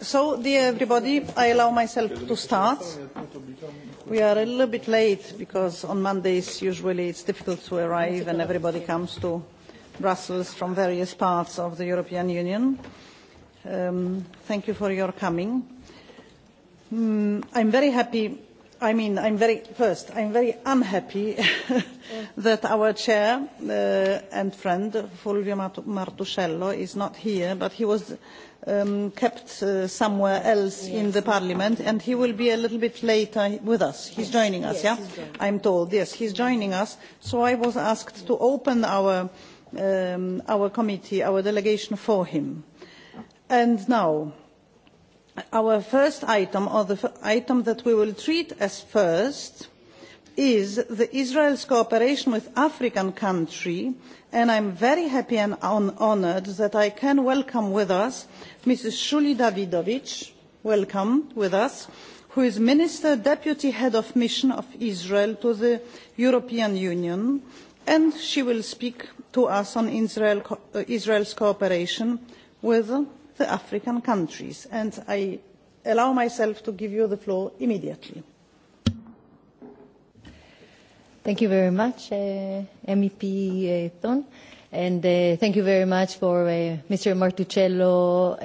So, dear everybody, I allow myself to start. We are a little bit late because on Mondays usually it's difficult to arrive and everybody comes to Brussels from various parts of the European Union. Thank you for your coming. I'm very happy I mean, I'm very, first, I'm very unhappy that our chair and friend, Fulvio Martuscello, is not here, but he was kept somewhere else in the parliament, and he will be a little bit later with us. He's joining us, yeah? I'm told, yes, he's joining us. So I was asked to open our committee, our delegation for him. And now Our first item, or the item that we will treat as first, is the Israel's cooperation with African country, and I'm very happy and honoured that I can welcome with us Mrs. Shuli Davidovich, welcome with us, who is Minister Deputy Head of Mission of Israel to the European Union, and she will speak to us on Israel's cooperation with the African countries. And I allow myself to give you the floor immediately. Thank you very much, MEP Thon. And thank you very much for Mr. Martuccello,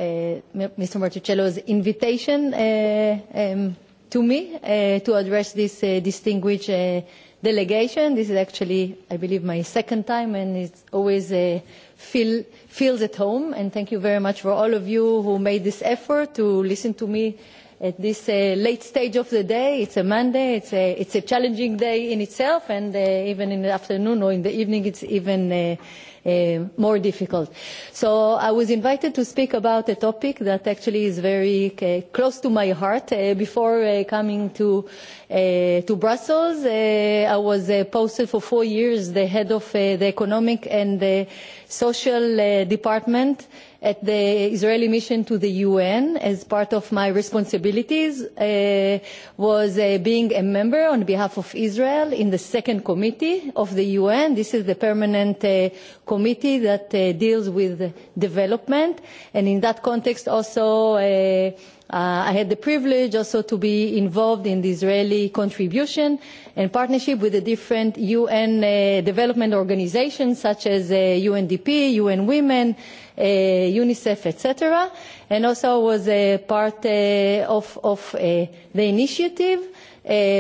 Mr. Martuccello's invitation to me to address this distinguished delegation. This is actually, I believe, my second time, and it's always a feels at home. And thank you very much for all of you who made this effort to listen to me at this late stage of the day. It's a Monday. It's a it's a challenging day in itself. And even in the afternoon or in the evening, it's even more difficult. So I was invited to speak about a topic that actually is very close to my heart. Before coming to to Brussels, I was posted for four years the head of the economic and social department at the Israeli mission to the UN as part of my responsibilities was being a member on behalf of Israel in the second committee of the UN. This is the permanent committee that deals with development and in that context also I had the privilege also to be involved in the Israeli contribution and partnership with the different UN development organisations such as UNDP, UN Women, UNICEF, etc. And also was a part of the initiative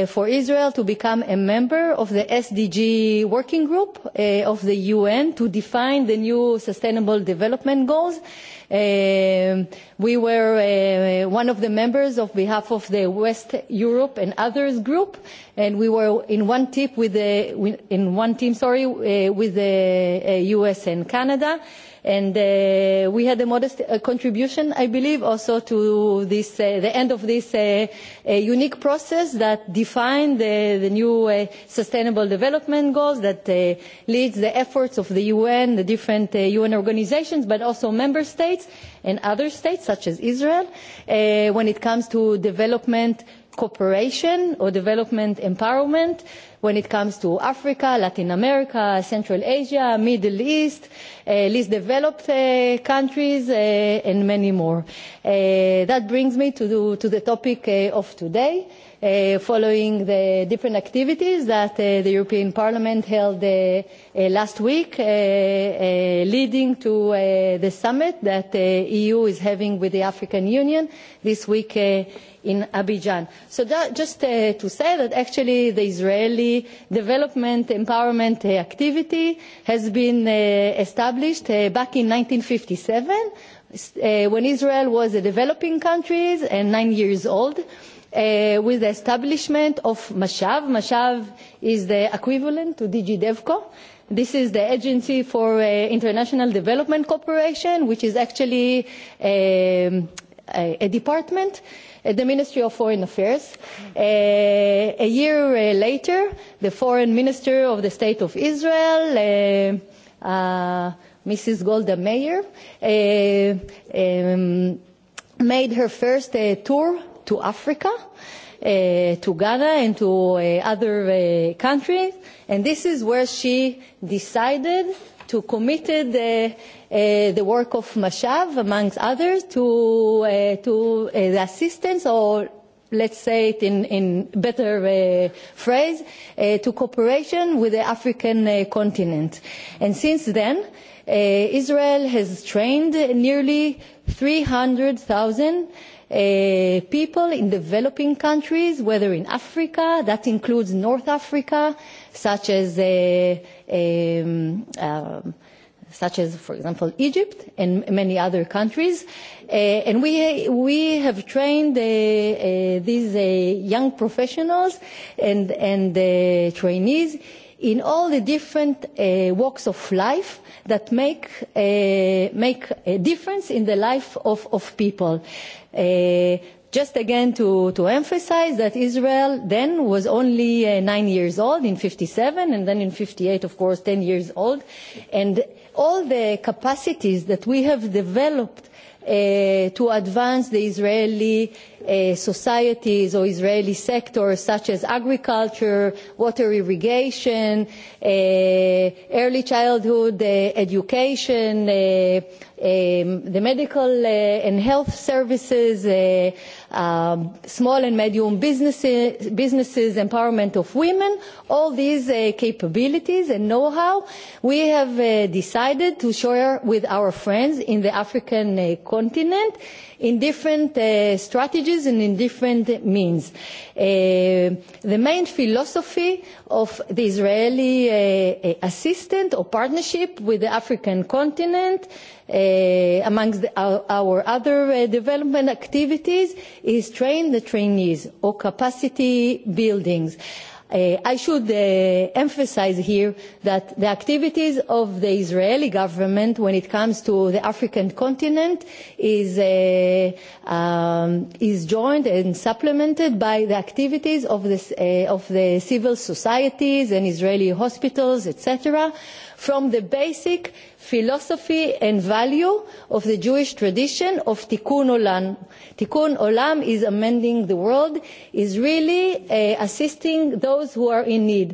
for Israel to become a member of the SDG working group of the UN to define the new sustainable development goals. We were one of the members of behalf of the West Europe and others group, and we were in one team with the in one team sorry with the US and Canada And we had a modest contribution, I believe, also to this the end of this unique process that defined the new sustainable development goals that leads the efforts of the UN, the different UN organisations, but also member states and other states such as Israel when it comes to development cooperation or development empowerment when it comes to Africa, Latin America, Central Asia, Middle East, least developed countries, and many more. That brings me to the topic of today following the different activities that the European Parliament held last week, leading to the summit that the EU is having with the African Union this week in Abidjan. So just to say that actually the Israeli development empowerment activity has been established back in 1957 when Israel was a developing country and nine years old with the establishment of Mashav. Mashav is the equivalent to DG DevCo. This is the Agency for International Development Cooperation, which is actually a department at the Ministry of Foreign Affairs. A year later, the Foreign Minister of the State of Israel, Mrs. Golda Meir, made her first tour to Africa, to Ghana and to other countries. And this is where she decided to commit the work of Mashav, amongst others, to to the assistance or let's say it in in better phrase to cooperation with the african continent and since then israel has trained nearly 300000 people in developing countries, whether in Africa, that includes North Africa, such as such as, for example, Egypt and many other countries. And we we have trained these young professionals and and trainees in all the different walks of life that make make a difference in the life of people. Just again to to emphasize that Israel then was only nine years old in 57 and then in 58 of course 10 years old and all the capacities that we have developed to advance the Israeli societies or Israeli sectors such as agriculture, water irrigation, early childhood education, the medical and health services, small and medium businesses, empowerment of women, all these capabilities and know-how we have decided to share with our friends in the African continent in different strategies and in different means. The main philosophy of the Israeli assistance or partnership with the African continent amongst our other development activities is train the trainees or capacity buildings. I should emphasize here that the activities of the Israeli government when it comes to the African continent is is joined and supplemented by the activities of the civil societies and Israeli hospitals, etc from the basic philosophy and value of the Jewish tradition of Tikkun Olam. Tikkun Olam is amending the world, is really assisting those who are in need.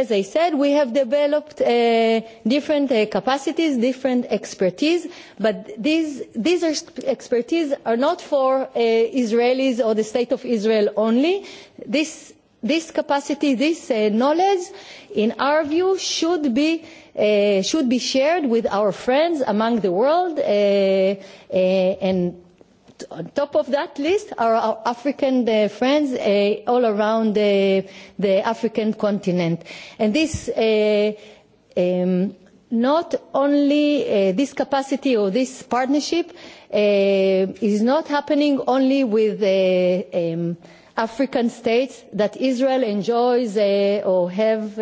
As I said, we have developed different capacities, different expertise, but these expertise are not for Israelis or the State of Israel only. This capacity, this knowledge in our view should be should be shared with our friends among the world and on top of that list are our African friends all around the African continent. And this not only this capacity or this partnership is not happening only with African states that Israel enjoys or have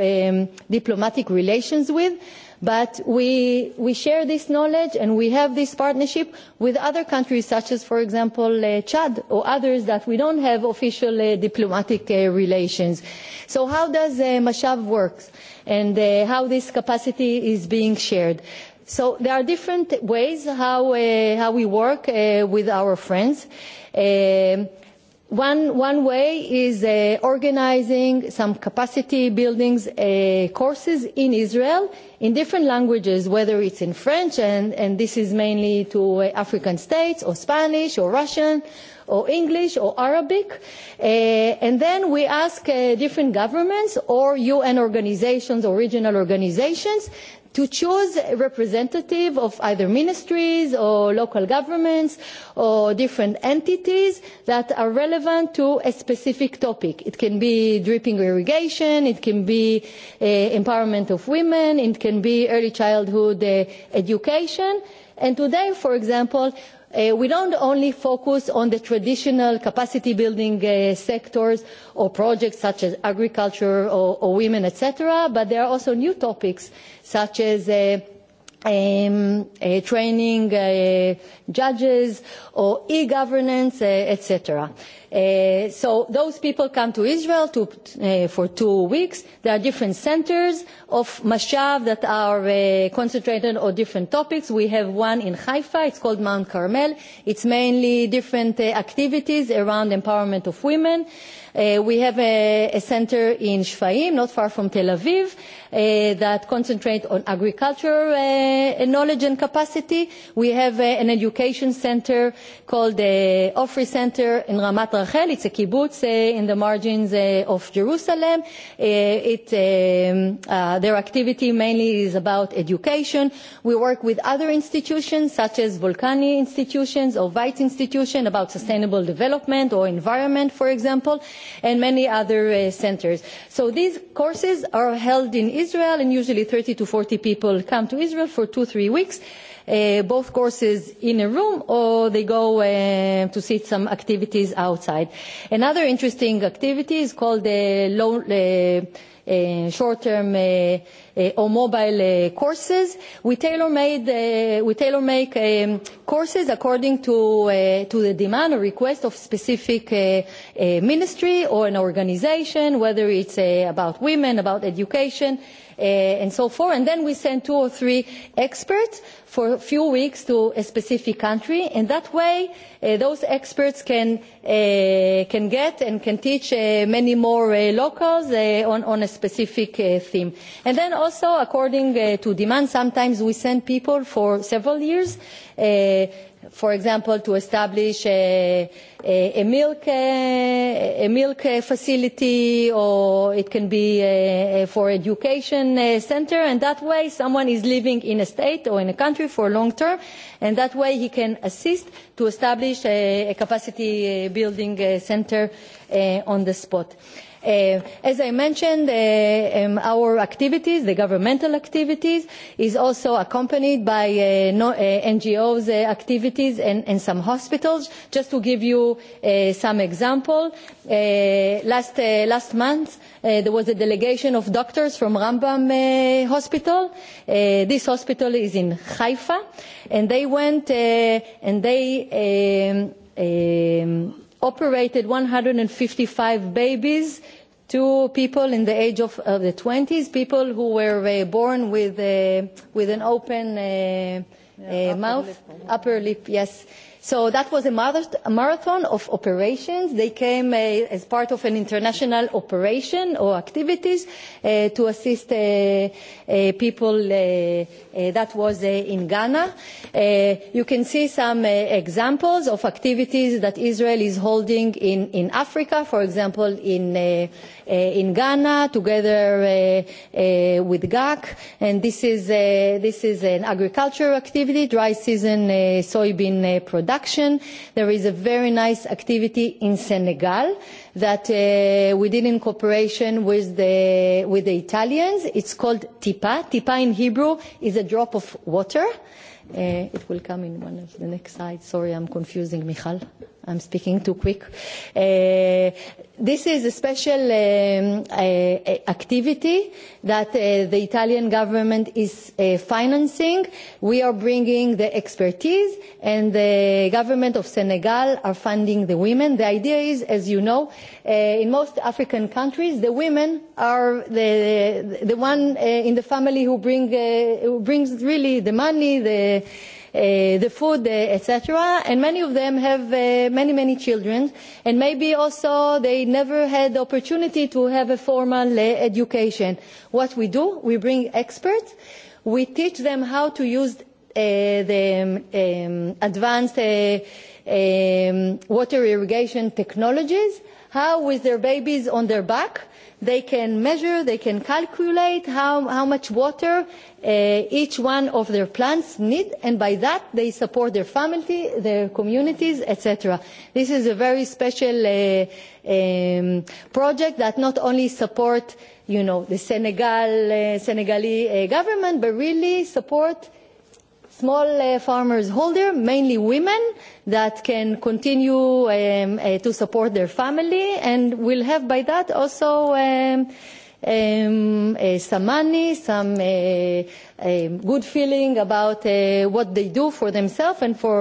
diplomatic relations with, but we we share this knowledge and we have this partnership with other countries such as, for example, Chad or others that we don't have official diplomatic relations. So how does Mashav work and how this capacity is being shared? So there are different ways how we work with our friends. One one way is organizing some capacity building courses in Israel in different languages, whether it's in French and and this is mainly to African states or Spanish or Russian or English or Arabic. And then we ask different governments or UN organizations or regional organizations to choose a representative of either ministries or local governments or different entities that are relevant to a specific topic. It can be dripping irrigation, it can be empowerment of women, it can be early childhood education. And today, for example, We don't only focus on the traditional capacity building sectors or projects such as agriculture or women, etc., but there are also new topics such as training judges or e-governance, etc. So those people come to Israel for two weeks. There are different centers of Mashav that are concentrated on different topics. We have one in Haifa. It's called Mount Carmel. It's mainly different activities around empowerment of women. We have a center in Shfaim, not far from Tel Aviv that concentrate on agriculture knowledge and capacity. We have an education center called the Ofri Center in Ramat Rachel. It's a kibbutz in the margins of Jerusalem. It Their activity mainly is about education. We work with other institutions such as Volcani institutions or Weitz institution about sustainable development or environment, for example, and many other centers. So these courses are held in Israel, and usually 30 to 40 people come to Israel for two, three weeks, both courses in a room, or they go to see some activities outside. Another interesting activity is called the short-term or mobile courses. We tailor make courses according to to the demand or request of specific ministry or an organization, whether it's about women, about education and so forth. And then we send two or three experts for a few weeks to a specific country, and that way those experts can can get and can teach many more locals on on a specific theme. And then also, according to demand, sometimes we send people for several years for example, to establish a, milk, facility or it can be for education center. And that way someone is living in a state or in a country for long term. And that way he can assist to establish a, capacity building center on the spot. As I mentioned, our activities, the governmental activities, is also accompanied by NGOs activities and some hospitals. Just to give you some example, last month there was a delegation of doctors from Rambam Hospital. This hospital is in Haifa, and they went and they operated 155 babies to people in the age of the 20s, people who were born with with an open mouth, upper lip, yes. So that was a marathon of operations. They came as part of an international operation or activities to assist people that was in Ghana. You can see some examples of activities that Israel is holding in Africa, for example, in Ghana together with GAC. And this is an agricultural activity, dry season soybean production production. There is a very nice activity in Senegal that we did in cooperation with the with the Italians. It's called Tipa. Tipa in Hebrew is a drop of water. It will come in one of the next slides. Sorry, I'm confusing Michal. I'm speaking too quick. This is a special activity that the Italian government is financing. We are bringing the expertise, and the government of Senegal are funding the women. The idea is, as you know, in most African countries, the women are the the one in the family who bring who brings really the money, the the food, etc. And many of them have many, many children. And maybe also they never had the opportunity to have a formal education. What we do, we bring experts. We teach them how to use the advanced water irrigation technologies how with their babies on their back they can measure, they can calculate how, much water each one of their plants need, and by that they support their family, their communities, etc. This is a very special project that not only supports the Senegal, Senegalese government, but really support small farmers holder, mainly women, that can continue to support their family and will have by that also some money, some good feeling about what they do for themselves and for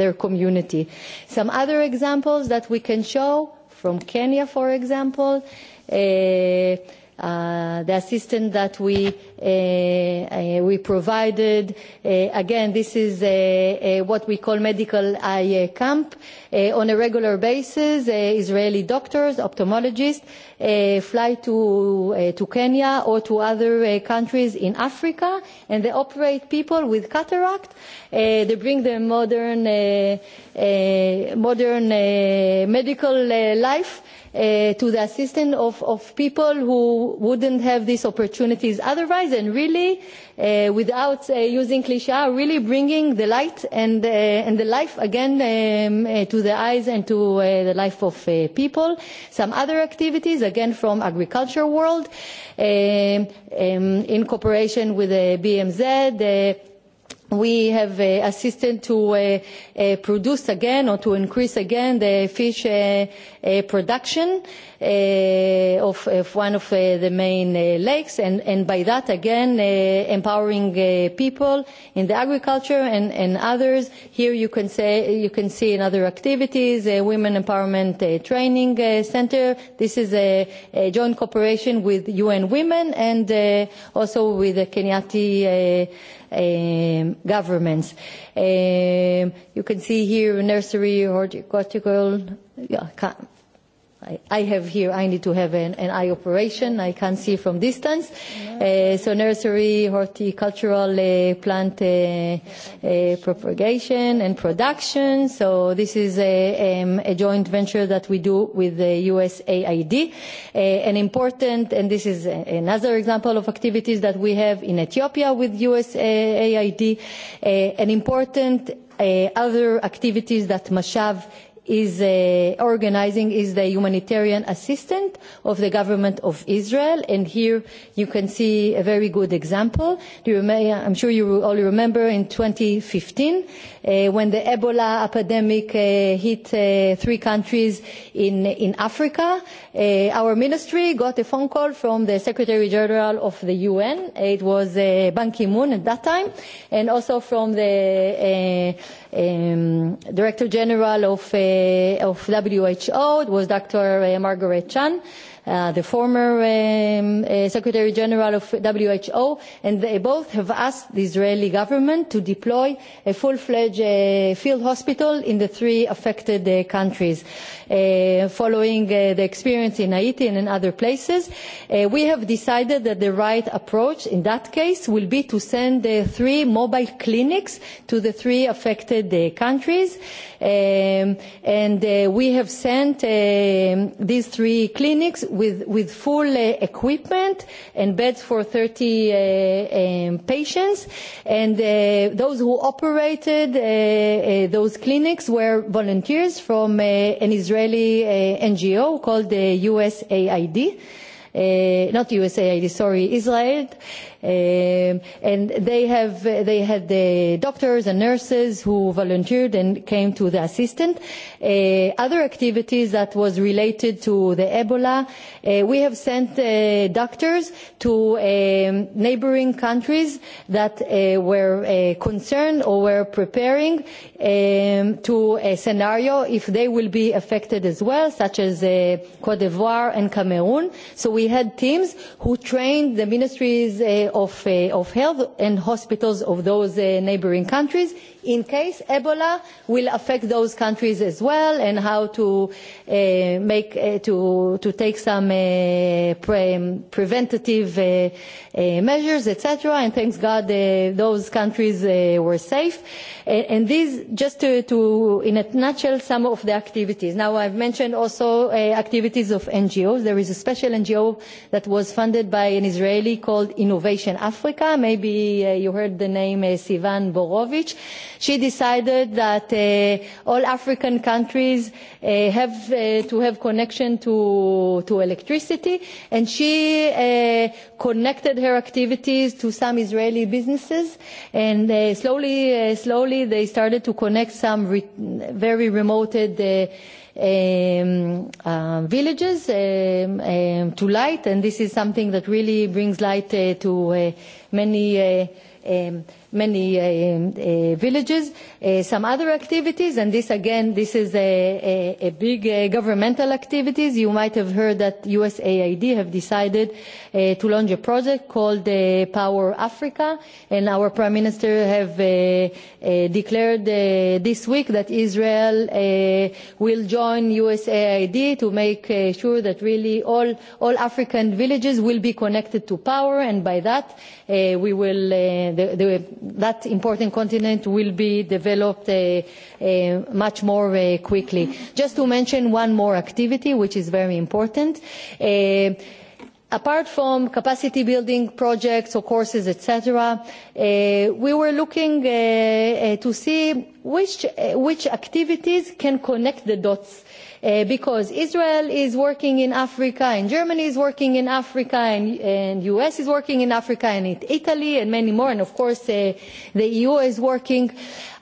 their community. Some other examples that we can show from Kenya, for example the assistance that we we provided. Again, this is what we call medical eye camp. On a regular basis, Israeli doctors, ophthalmologists fly to to Kenya or to other countries in Africa, and they operate people with cataract. They bring them modern modern medical life to the assistance of people who wouldn't have these opportunities otherwise and really without using cliché really bringing the light and the life again to the eyes and to the life of people. Some other activities again from agriculture world in cooperation with the BMZ we have assisted to produce again or to increase again the fish production of one of the main lakes and by that again empowering people in the agriculture and others. Here you can say you can see in other activities women empowerment training center. This is a joint cooperation with UN Women and also with the Kenyatti governments. You can see here nursery, horticultural, I have here, I need to have an eye operation. I can't see from distance. So nursery, horticultural plant propagation and production. So this is a joint venture that we do with the USAID. An important, and this is another example of activities that we have in Ethiopia with USAID. An important other activities that Mashav is organizing is the humanitarian assistant of the government of Israel. And here you can see a very good example. I'm sure you all remember in 2015 when the Ebola epidemic hit three countries in, in Africa. Our ministry got a phone call from the Secretary General of the UN. It was Ban Ki-moon at that time. And also from the Director General of WHO it was Dr. Margaret Chan the former Secretary General of WHO, and they both have asked the Israeli government to deploy a full-fledged field hospital in the three affected countries, following the experience in Haiti and in other places. We have decided that the right approach in that case will be to send three mobile clinics to the three affected countries, and we have sent these three clinics with full equipment and beds for 30 patients. And those who operated those clinics were volunteers from an Israeli NGO called the USAID, not USAID, sorry, Israel and they have they had the doctors and nurses who volunteered and came to the assistant other activities that was related to the ebola we have sent doctors to neighboring countries that were concerned or were preparing to a scenario if they will be affected as well such as Cote d'Ivoire and Cameroon so we had teams who trained the ministries of health and hospitals of those neighbouring countries in case Ebola will affect those countries as well and how to make to to take some preventative measures etc and thanks God those countries were safe and these just to in a nutshell some of the activities now I've mentioned also activities of NGOs there is a special NGO that was funded by an Israeli called Innovation Africa maybe you heard the name Sivan Borovic She decided that all African countries have to have connection to to electricity, and she connected her activities to some Israeli businesses, and slowly, slowly they started to connect some very remote villages to light, and this is something that really brings light to many many villages, some other activities, and this again, this is a big governmental activities. You might have heard that USAID have decided to launch a project called Power Africa, and our Prime Minister have declared this week that Israel will join USAID to make sure that really all all African villages will be connected to power, and by that we will the that important continent will be developed much more quickly. Just to mention one more activity which is very important. Apart from capacity building projects or courses, etc., we were looking to see which activities can connect the dots because Israel is working in Africa and Germany is working in Africa and the US is working in Africa and Italy and many more and of course the EU is working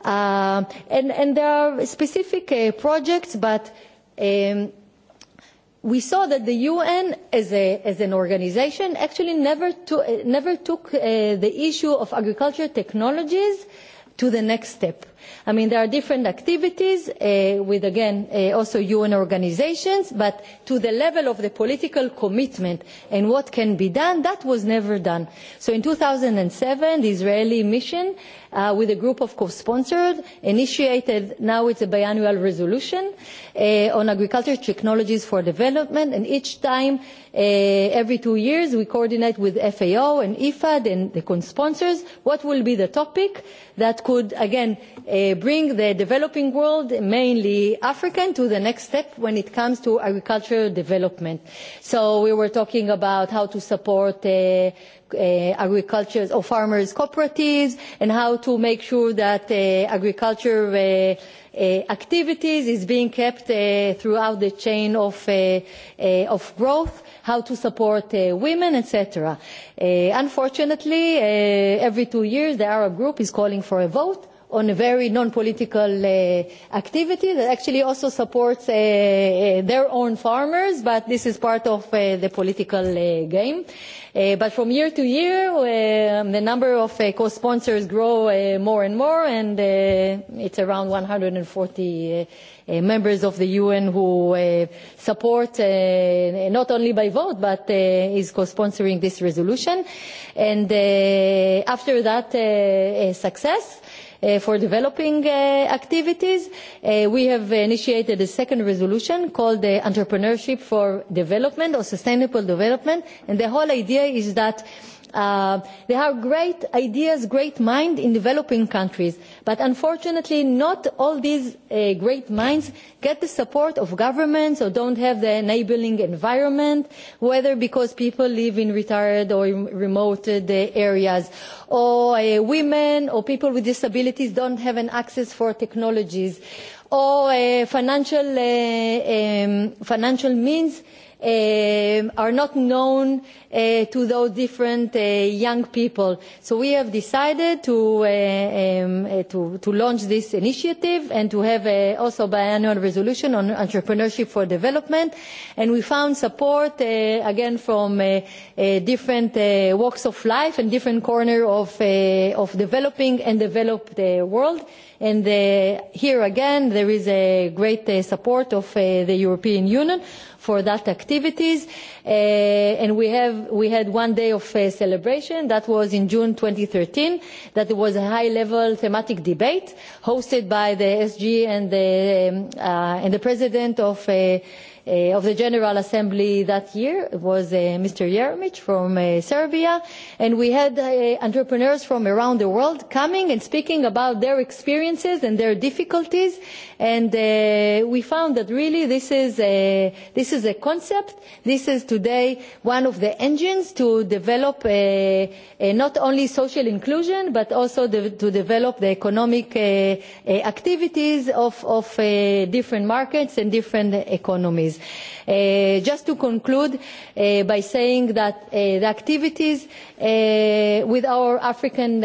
and there are specific projects but we saw that the UN as an organisation actually never took the issue of agriculture technologies to the next step. I mean, there are different activities with, again, also UN organizations, but to the level of the political commitment and what can be done, that was never done. So in 2007, the Israeli mission, with a group of co-sponsors, initiated, now it's a biannual resolution, on agriculture technologies for development, and each time, every two years, we coordinate with FAO and IFAD and the co-sponsors what will be the topic that could, again, bring the developing world, mainly African, to the next step when it comes to agricultural development. So we were talking about how to support agriculture or farmers' cooperatives and how to make sure that agriculture activities is being kept throughout the chain of growth, how to support women, etc. Unfortunately, every two years the Arab group is calling for a vote on a very non-political activity that actually also supports their own farmers, but this is part of the political game. But from year to year, the number of co-sponsors grow more and more, and it's around 140 members of the UN who support, not only by vote, but is co-sponsoring this resolution. And after that success, for developing activities. We have initiated a second resolution called the Entrepreneurship for Development or Sustainable Development. And the whole idea is that there are great ideas, great minds in developing countries But unfortunately, not all these great minds get the support of governments or don't have the enabling environment, whether because people live in retired or remote areas, or women or people with disabilities don't have an access for technologies, or financial financial means are not known to those different young people. So we have decided to launch this initiative and to have also a biannual resolution on entrepreneurship for development. And we found support, again, from different walks of life and different corners of developing and developed world. And here again, there is a great support of the European Union for that activities. And we have we had one day of celebration that was in June 2013. That was a high-level thematic debate hosted by the SG and the and the president of of the General Assembly that year was Mr. Jeremic from Serbia, and we had entrepreneurs from around the world coming and speaking about their experiences and their difficulties, and we found that really this is a concept. This is today one of the engines to develop not only social inclusion, but also to develop the economic activities of different markets and different economies. Just to conclude by saying that the activities with our African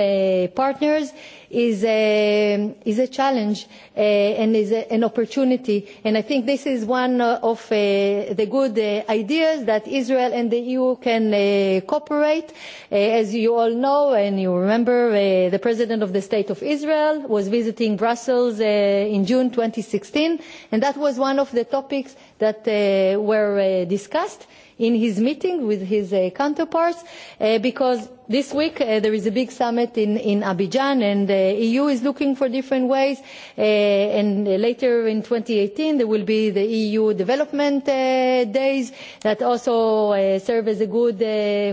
partners is a challenge and is an opportunity. And I think this is one of the good ideas that Israel and the EU can cooperate. As you all know and you remember, the President of the State of Israel was visiting Brussels in June 2016, and that was one of the topics that were discussed in his meeting with his counterparts because this week there is a big summit in in Abidjan and the EU is looking for different ways and later in 2018 there will be the EU development days that also serve as a good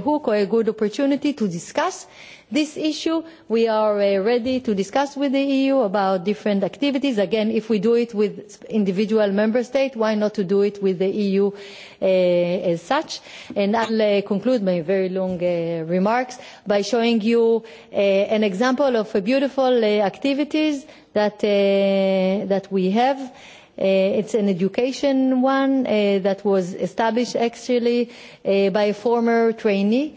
hook or a good opportunity to discuss this issue. We are ready to discuss with the EU about different activities. Again, if we do it with individual member states, why not to do it with the EU as such? And will conclude my very long remarks by showing you an example of beautiful activities that that we have. It's an education one that was established actually by a former trainee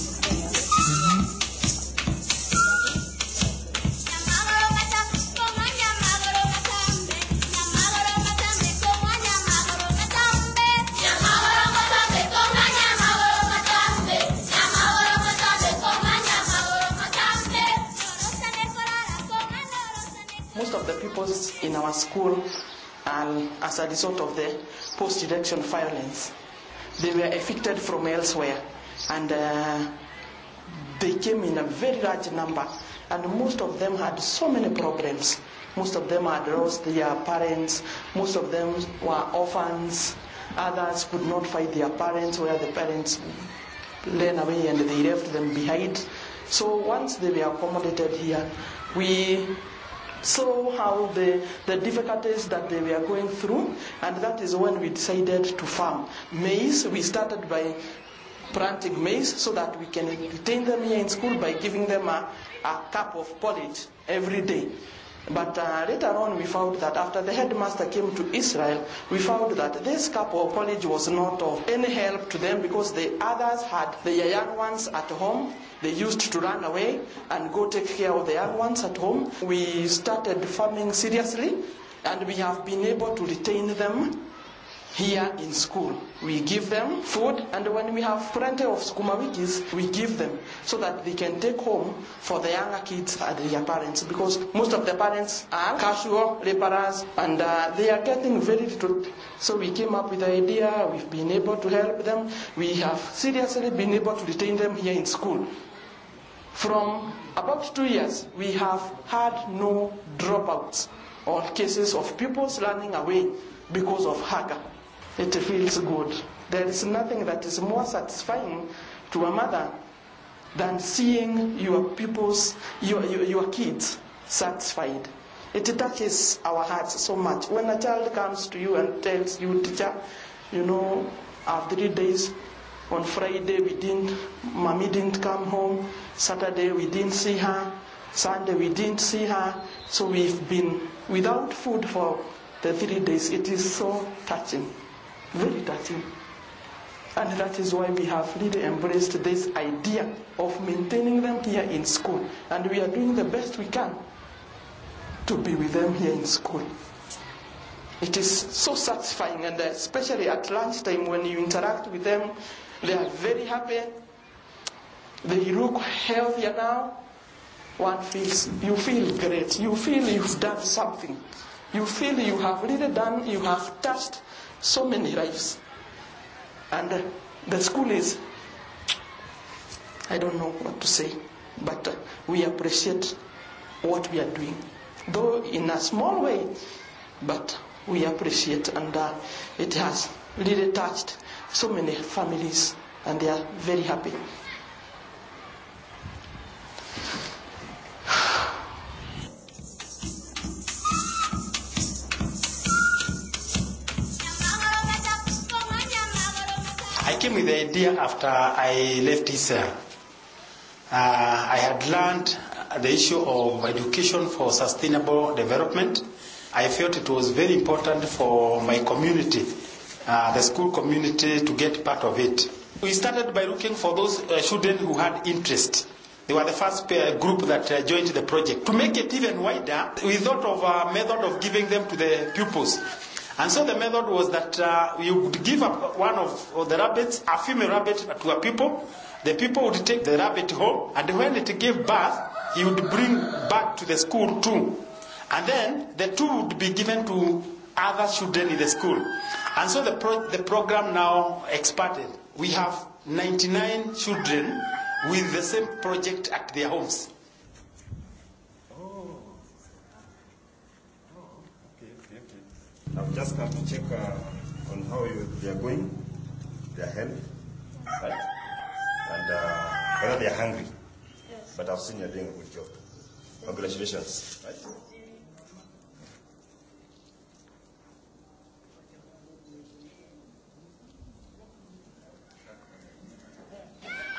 as a result of the post-election violence, they were evicted from elsewhere and uh, they came in a very large number and most of them had so many problems. Most of them had lost their parents, most of them were orphans, others could not find their parents where the parents ran away and they left them behind. So once they were accommodated here, we So how the, the difficulties that they were going through, and that is when we decided to farm maize. We started by planting maize so that we can retain them here in school by giving them a, a cup of porridge every day. But uh, later on we found that after the headmaster came to Israel, we found that this couple college was not of any help to them because the others had the young ones at home. They used to run away and go take care of the young ones at home. We started farming seriously and we have been able to retain them here in school. We give them food, and when we have plenty of sukuma wikis, we give them so that they can take home for the younger kids and their parents. Because most of the parents are casual laborers and uh, they are getting very little. So we came up with the idea, we've been able to help them. We have seriously been able to retain them here in school. From about two years, we have had no dropouts or cases of pupils running away because of hunger it feels good. There is nothing that is more satisfying to a mother than seeing your pupils, your, your, your kids satisfied. It touches our hearts so much. When a child comes to you and tells you, teacher, you know, after three days, on Friday we didn't, mommy didn't come home, Saturday we didn't see her, Sunday we didn't see her, so we've been without food for the three days. It is so touching touching, And that is why we have really embraced this idea of maintaining them here in school. And we are doing the best we can to be with them here in school. It is so satisfying, and especially at lunchtime when you interact with them, they are very happy. They look healthier now. One feels, you feel great. You feel you've done something. You feel you have really done, you have touched so many lives. And the school is, I don't know what to say, but we appreciate what we are doing. Though in a small way, but we appreciate and uh, it has really touched so many families and they are very happy the idea after I left Uh, I had learned the issue of education for sustainable development. I felt it was very important for my community, the school community, to get part of it. We started by looking for those children who had interest. They were the first group that joined the project. To make it even wider, we thought of a method of giving them to the pupils. And so the method was that you would give up one of the rabbits, a female rabbit, to a people. The people would take the rabbit home, and when it gave birth, he would bring back to the school two. And then the two would be given to other children in the school. And so the, pro- the program now expanded. We have 99 children with the same project at their homes. I've just come to check uh, on how you, they are going, their health, right? And uh, whether they are hungry. Yes. But I've seen you're doing a good job. Congratulations. Right?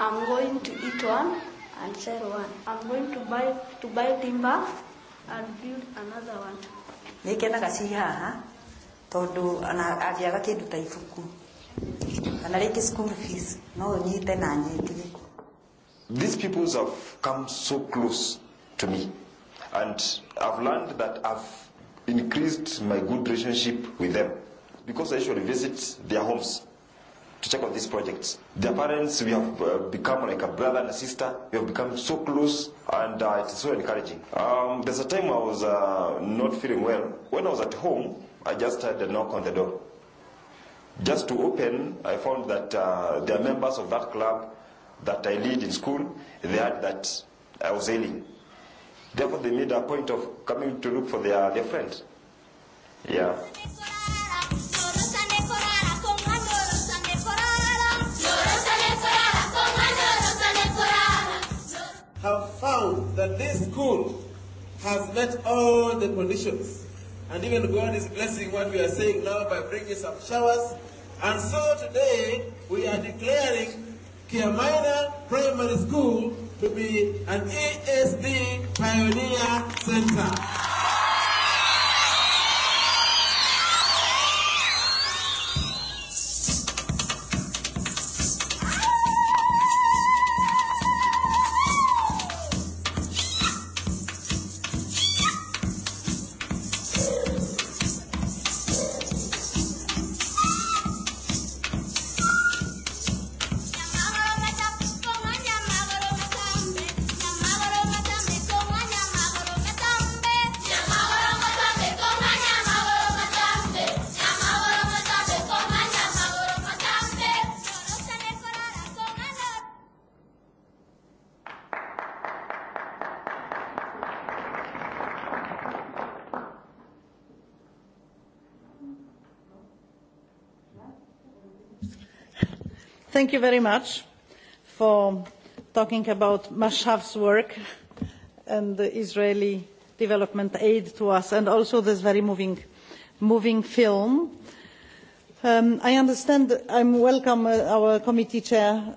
I'm going to eat one and sell one. I'm going to buy to buy timber and build another one. Nikienda kasiha, huh? these people have come so close to me and i've learned that i've increased my good relationship with them because i usually visit their homes to check on these projects. Their parents, we have become like a brother and a sister. We have become so close, and uh, it's so encouraging. Um, there's a time I was uh, not feeling well. When I was at home, I just heard a knock on the door. Just to open, I found that uh, there are members of that club that I lead in school, they had that I was ailing. Therefore, they made a point of coming to look for their, their friend. Yeah. Have found that this school has met all the conditions And even God is blessing what we are saying now by bringing some showers. And so today, we are declaring Kiamina Primary School to be an ESD Pioneer Center. thank you very much for talking about Mashav's work and the Israeli development aid to us and also this very moving film. I understand I welcome our committee chair.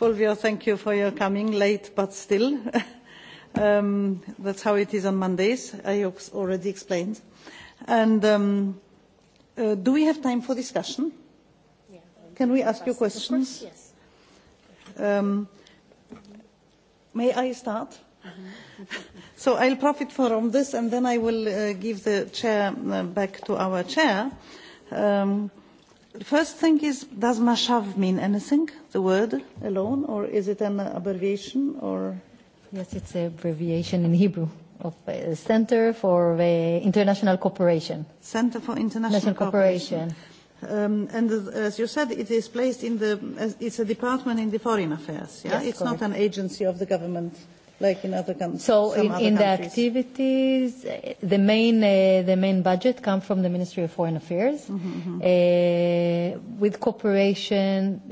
Fulvio, thank you for your coming late, but still. That's how it is on Mondays. I already explained. And do we have time for discussion? Can we ask you questions? May I start? So I'll profit from this and then I will give the chair back to our chair. The first thing is, does mashav mean anything, the word alone, or is it an abbreviation? or? Yes, it's an abbreviation in Hebrew of Center for International Cooperation. Center for International Cooperation. And as you said, it is placed in the, it's a department in the foreign affairs. Yeah, it's not an agency of the government like in other countries. So in the activities, the main the main budget comes from the Ministry of Foreign Affairs, with cooperation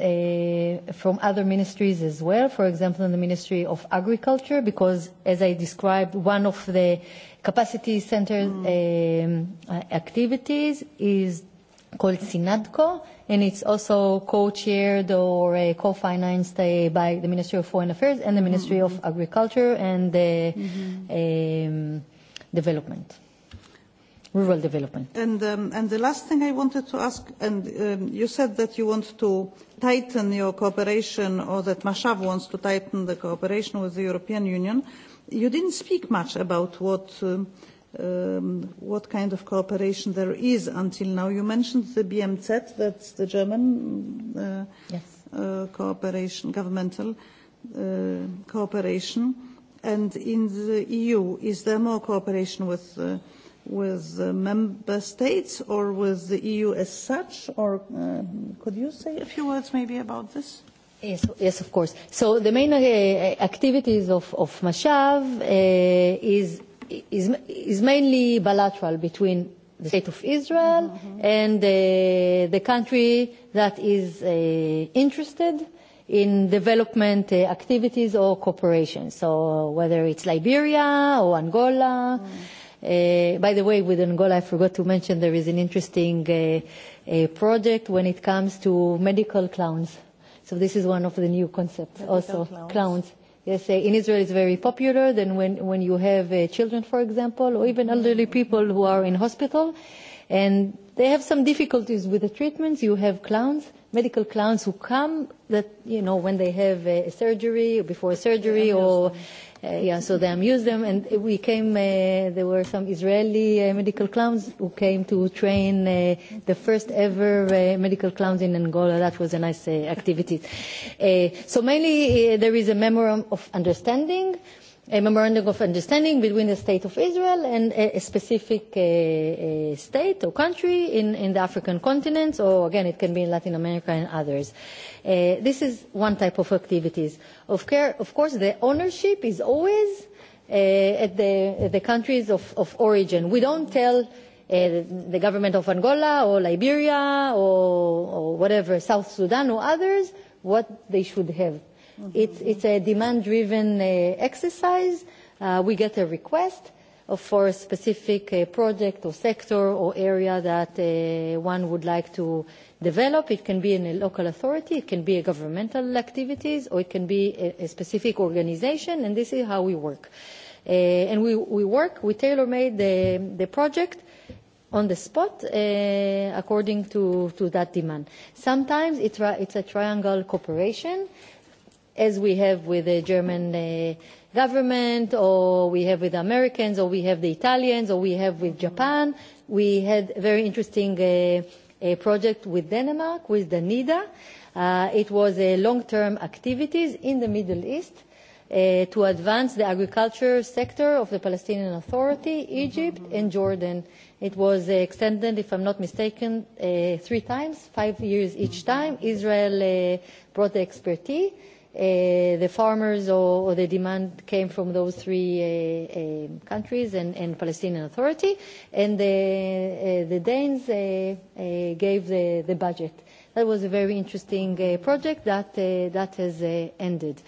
from other ministries as well. For example, in the Ministry of Agriculture, because as I described, one of the capacity center activities is called SINADCO, and it's also co-chaired or co-financed by the Ministry of Foreign Affairs and the Ministry of Agriculture and Development, Rural Development. And and the last thing I wanted to ask, and you said that you want to tighten your cooperation, or that Mashav wants to tighten the cooperation with the European Union. You didn't speak much about what what kind of cooperation there is until now. You mentioned the BMZ, that's the German cooperation, governmental cooperation. And in the EU, is there more cooperation with with member states or with the EU as such? Or could you say a few words maybe about this? Yes, yes, of course. So the main activities of of Mashav is is mainly bilateral between the state of Israel and the country that is interested in development activities or cooperation. So whether it's Liberia or Angola. By the way, with Angola, I forgot to mention there is an interesting project when it comes to medical clowns. So this is one of the new concepts also, clowns Yes, in Israel it's very popular. Then when when you have children, for example, or even elderly people who are in hospital, and they have some difficulties with the treatments, you have clowns, medical clowns who come that you know when they have a surgery or before surgery or yeah, so they amused them. And we came, there were some Israeli medical clowns who came to train the first ever medical clowns in Angola. That was a nice activity. So mainly there is a memorandum of understanding a memorandum of understanding between the state of Israel and a specific state or country in in the African continent or again it can be in Latin America and others. This is one type of activities. Of Of course the ownership is always at the countries of of origin. We don't tell the government of Angola or Liberia or whatever South Sudan or others what they should have It's it's a demand-driven exercise. We get a request for a specific project or sector or area that one would like to develop. It can be in a local authority, it can be a governmental activities, or it can be a specific organization, and this is how we work. And we we work, we tailor-made the the project on the spot according to to that demand. Sometimes it's it's a triangle cooperation as we have with the German government, or we have with Americans, or we have the Italians, or we have with Japan. We had a very interesting project with Denmark, with Danida. It was a long-term activities in the Middle East to advance the agriculture sector of the Palestinian Authority, Egypt and Jordan. It was extended, if I'm not mistaken, three times, five years each time. Israel brought the expertise The farmers or the demand came from those three countries and Palestinian Authority, and the Danes gave the budget. That was a very interesting project that that has ended.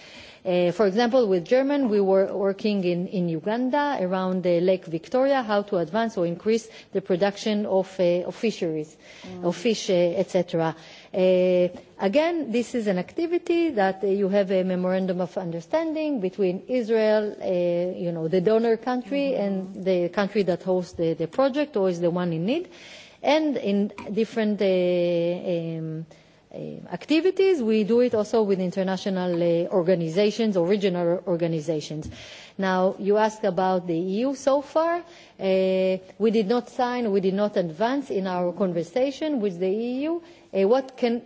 For example, with German, we were working in Uganda around Lake Victoria, how to advance or increase the production of fisheries, of fish, etc. Again, this is an activity that you have a memorandum of understanding between Israel, you know, the donor country and the country that hosts the project or is the one in need, and in different activities. We do it also with international organizations or regional organizations. Now, you asked about the EU so far. We did not sign, we did not advance in our conversation with the EU.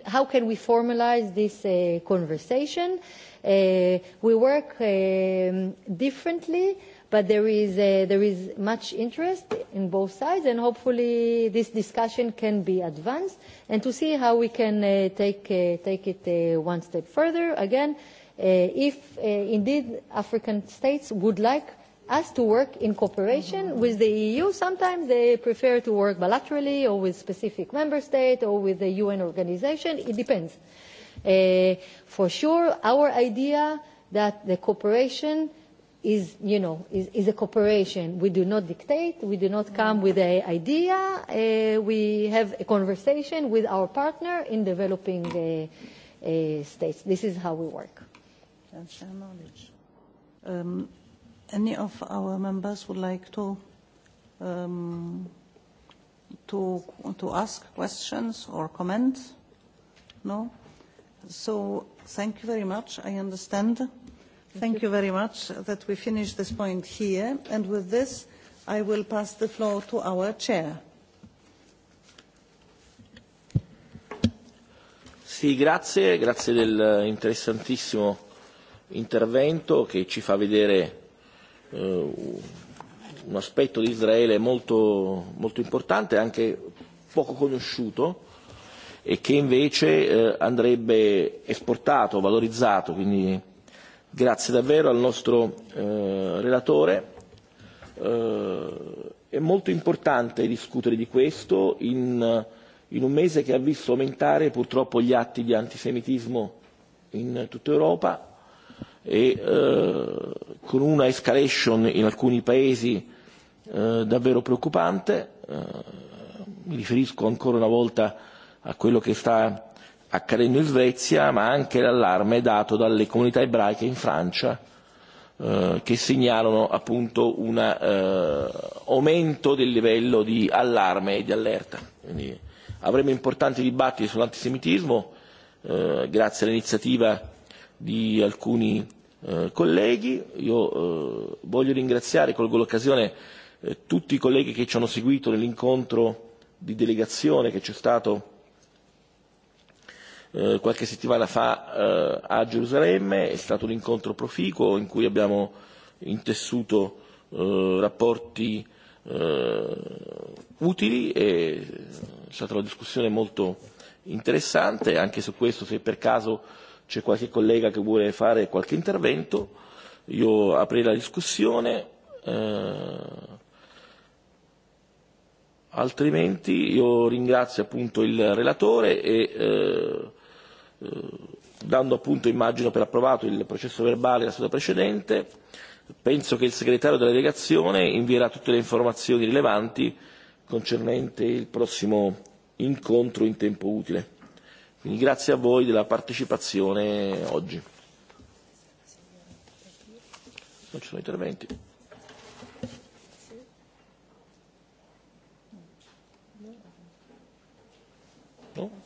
How can we formalize this conversation? We work differently But there is there is much interest in both sides, and hopefully this discussion can be advanced and to see how we can take take it one step further. Again, if indeed African states would like us to work in cooperation with the EU, sometimes they prefer to work bilaterally or with specific member state or with the UN organization. It depends. For sure, our idea that the cooperation is, you know, is, is a cooperation. We do not dictate. We do not come with an idea. we have a conversation with our partner in developing states. This is how we work. Um, any of our members would like to um, to to ask questions or comments? No. So thank you very much. I understand Thank you very much that we finish this point here. And with this, I will pass the floor to our chair. Sì, grazie, grazie del interessantissimo intervento che ci fa vedere un aspetto di Israele molto, molto importante, anche poco conosciuto e che invece andrebbe esportato, valorizzato, quindi Grazie davvero al nostro relatore. È molto importante discutere di questo in in un mese che ha visto aumentare purtroppo gli atti di antisemitismo in tutta Europa e con una escalation in alcuni paesi davvero preoccupante. Mi riferisco ancora una volta a quello che sta accadendo in Svezia, ma anche l'allarme dato dalle comunità ebraiche in Francia che segnalano appunto un aumento del livello di allarme e di allerta. Quindi avremo importanti dibattiti sull'antisemitismo grazie all'iniziativa di alcuni colleghi. Io voglio ringraziare, colgo l'occasione, tutti i colleghi che ci hanno seguito nell'incontro di delegazione che c'è stato qualche settimana fa a Gerusalemme, è stato un incontro proficuo in cui abbiamo intessuto rapporti utili e è stata una discussione molto interessante, anche su questo se per caso c'è qualche collega che vuole fare qualche intervento, io aprirei la discussione, altrimenti io ringrazio appunto il relatore e dando appunto immagino per approvato il processo verbale della seduta precedente penso che il segretario della delegazione invierà tutte le informazioni rilevanti concernente il prossimo incontro in tempo utile quindi grazie a voi della partecipazione oggi non ci sono